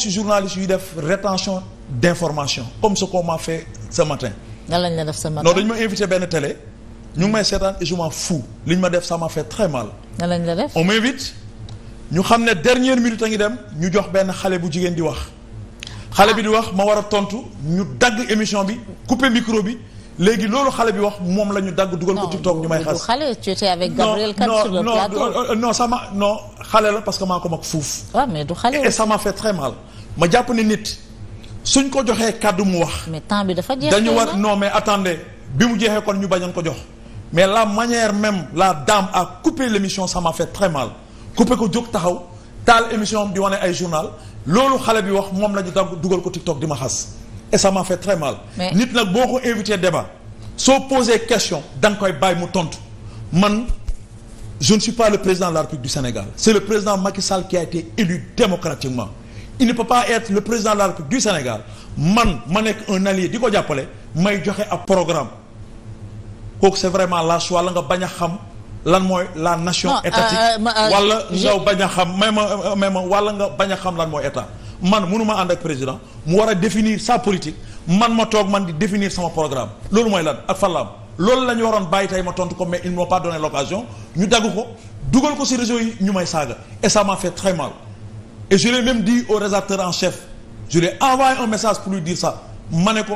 si journaliste yuy def rétention d'information comme ce qu'on m'a fait ce nan lañ la def ce matin non ma invité benn télé ñu ngi may seetaan et je m'en fous li ñu ma def sama m'a fait très mal. nan lañ la def on m'invite ñu xam ne dernière minute a ngi dem ñu jox benn xale bu jigéen di wax. xale bi di wax ma war a tontu ñu dagg émission bi couper micro bi. léegi loolu xale bi wax moom la ñu dagg dugal ko TikTok ñu may xas. xale tu étais avec Gabriel Kane sur le plateau. non sama euh, non xale la parce que maa ko mag fuuf. waaw mais du xale et ça m'a jàpp ne nit suñ ko joxee kàddu mu wax. mais temps bi dafa jeex war non mais attendez bi mu jeexee kon ñu bañoon ko jox. mais la manière même la dame a coupé l'émission ça fait très mal ko jóg taxaw taal émission di wane ay journal loolu xale bi wax moom la ñu dagg dugal ko TikTok di ma xas et fait très mal. nit nag boo ko invité débat. soo posé question da nga koy bàyyi mu tontu man je ne suis pas le président de la République du Sénégal c'est le président Macky Sall qui a été élu démocratiquement il ne peut pas le président de la République du Sénégal man ma nekk un allié di ko jàppale may joxe ab programme kooku c'est vraiment la walla nga bañ a xam lan mooy la nation étatique euh, euh, euh, wala nga bañ a xam may ma may wala nga bañ a xam lan mooy état man mënuma ànd ak président mu war a définir sa man ma toog man di définir sama programme loolu mooy lan ak fallaam loolu la waroon bàyyi tey ma tontu ko mais ils m'ont pas donné l'occasion ñu dagg ko dugal ko ci réseau yi ñu may saaga et ça m'a fait très mal et je l'ai même dit au rédacteur en chef je lui ai un message pour lui dire ça ma ne ko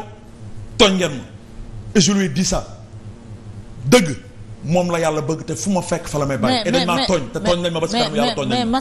tooñ ngeen ma et je lui ai dit dëgg moom la yàlla bëgg te fu ma fekk fa la may bàyyi et dañ maa tooñ te tooñ nañ ma ba ci kanam yàlla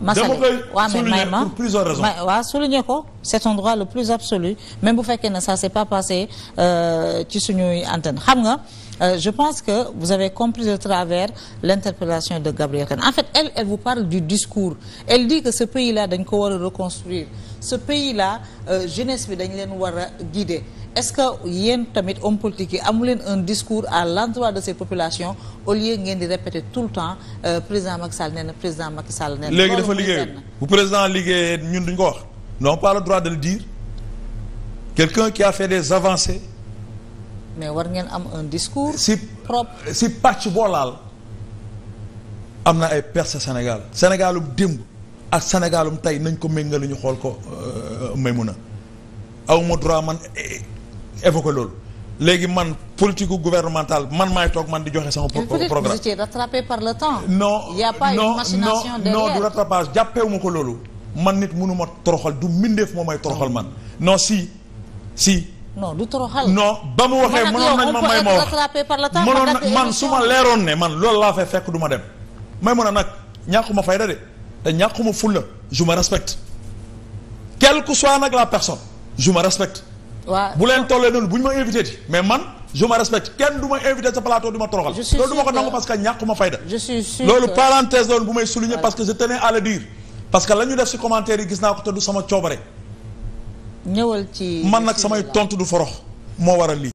Massaly waaw mais may ma pour plusieurs ko c'est son droit le plus absolu même bu fekkee ne ça s'est pas passé euh, ci suñuy antenne xam nga euh, je pense que vous avez compris de travers l'interpellation de Gabrielle Kane en fait elle elle vous parle du discours elle dit que ce pays là dañ ko war a reconstruire ce pays là euh, jeunesse bi dañu leen war a guider est-ce que yéen tamit homme politique yi amu leen un discours à l'endroit de ces populations au lieu ngeen di répéter tout le temps président Macky Sall président Macky Sall fa liggéeyul bu président liggéeyee ñun duñ ko wax n'ont pas le droit de le dire quelqu'un qui a fait des avancées mais war ngeen am un discours si propre si pàcc boo laal am na ay perse Sénégal Sénégalum démb ak Sénégalum tey nañ ko méngale ñu xool ko euh, Maymuna awma droit man eh, évoquer loolu léegi man politique gouvernementale man maay toog man di joxe sama. programme vous étiez rattrapé par le temps. a pas une du rattrapage jàppewuma ko loolu. man nit mënu ma toroxal du mbindeef moo may toroxal man non si si. non du toroxal. non ba mu waxee mënoon nañ ma may ma wax mënoon na man su ma leeroon ne man loolu laa fa fekk duma dem. may mën a nag ñàkkuma fayda de te ñàkkuma fulla je me respecte quelle que soit nag la personne je me respecte. waaw bu leen tollee noonu bu ñu ma invité ti mais man je me respecte kenn du ma invité sa plateau du ma toroxal. loolu du ma ko nangu parce que ñàkkuma fayda. loolu parenthèse loolu bu may souligner parce que je tenais à le dire. parce que la def si commentaire yi gis naa ko te du sama coobare. ñëwal ci man nag samay tontu du forox moo waral lii.